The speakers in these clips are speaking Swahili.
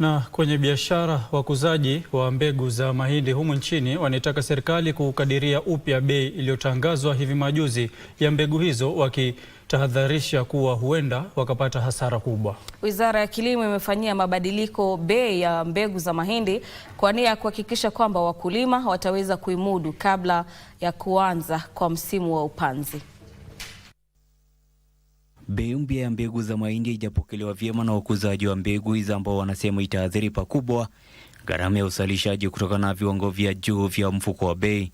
Na kwenye biashara, wakuzaji wa mbegu za mahindi humu nchini wanaitaka serikali kukadiria upya bei iliyotangazwa hivi majuzi ya mbegu hizo, wakitahadharisha kuwa huenda wakapata hasara kubwa. Wizara ya Kilimo imefanyia mabadiliko bei ya mbegu za mahindi kwa nia ya kuhakikisha kwamba wakulima wataweza kuimudu kabla ya kuanza kwa msimu wa upanzi. Bei mpya ya mbegu za mahindi haijapokelewa vyema na wakuzaji wa mbegu hizo ambao wanasema itaathiri pakubwa gharama ya usalishaji kutokana na viwango vya juu vya mfuko wa bei.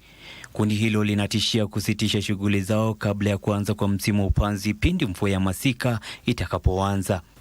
Kundi hilo linatishia kusitisha shughuli zao kabla ya kuanza kwa msimu wa upanzi pindi mvua ya masika itakapoanza.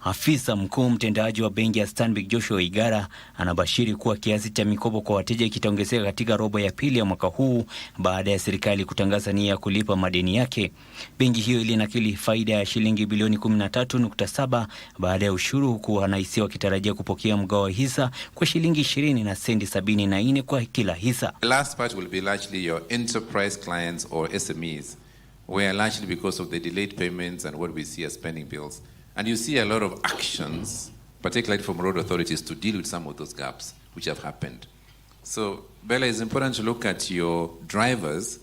Afisa mkuu mtendaji wa benki ya Stanbic Joshua Igara anabashiri kuwa kiasi cha mikopo kwa wateja kitaongezeka katika robo ya pili ya mwaka huu baada ya serikali kutangaza nia ya kulipa madeni yake. Benki hiyo ilinakili faida ya shilingi bilioni 13.7 baada ya ushuru, huku wanahisa wakitarajia kupokea mgao wa hisa kwa shilingi 20 na sendi 74 kwa kila hisa. The last part will be largely your enterprise clients or SMEs where largely because of the delayed payments and what we see as bills And you see a lot of actions, particularly from road authorities, to deal with some of those gaps which have happened. So, Bella, it's important to look at your drivers,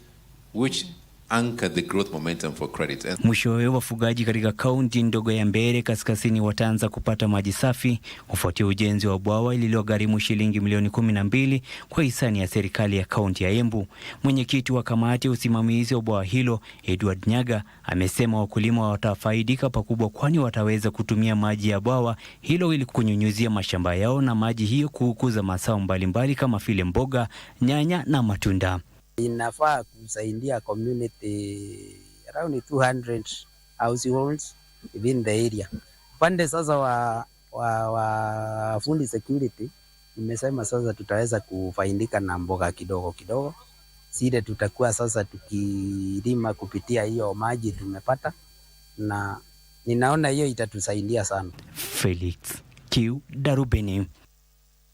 which anchor the growth momentum for credit. And... Mwishowe wafugaji katika kaunti ndogo ya Mbeere kaskazini wataanza kupata maji safi kufuatia ujenzi wa bwawa lililogharimu shilingi milioni kumi na mbili kwa hisani ya serikali ya kaunti ya Embu. Mwenyekiti wa kamati ya usimamizi wa bwawa hilo Edward Nyaga amesema wakulima watafaidika pakubwa, kwani wataweza kutumia maji ya bwawa hilo ili kunyunyuzia mashamba yao na maji hiyo kukuza mazao mbalimbali kama vile mboga, nyanya na matunda. Inafaa kusaidia community around 200 households within the area. Upande sasa wa, wa, wa food security nimesema sasa tutaweza kufaindika na mboga kidogo kidogo sile tutakuwa sasa tukilima kupitia hiyo maji tumepata, na ninaona hiyo itatusaidia sana. Felix Q Darubini.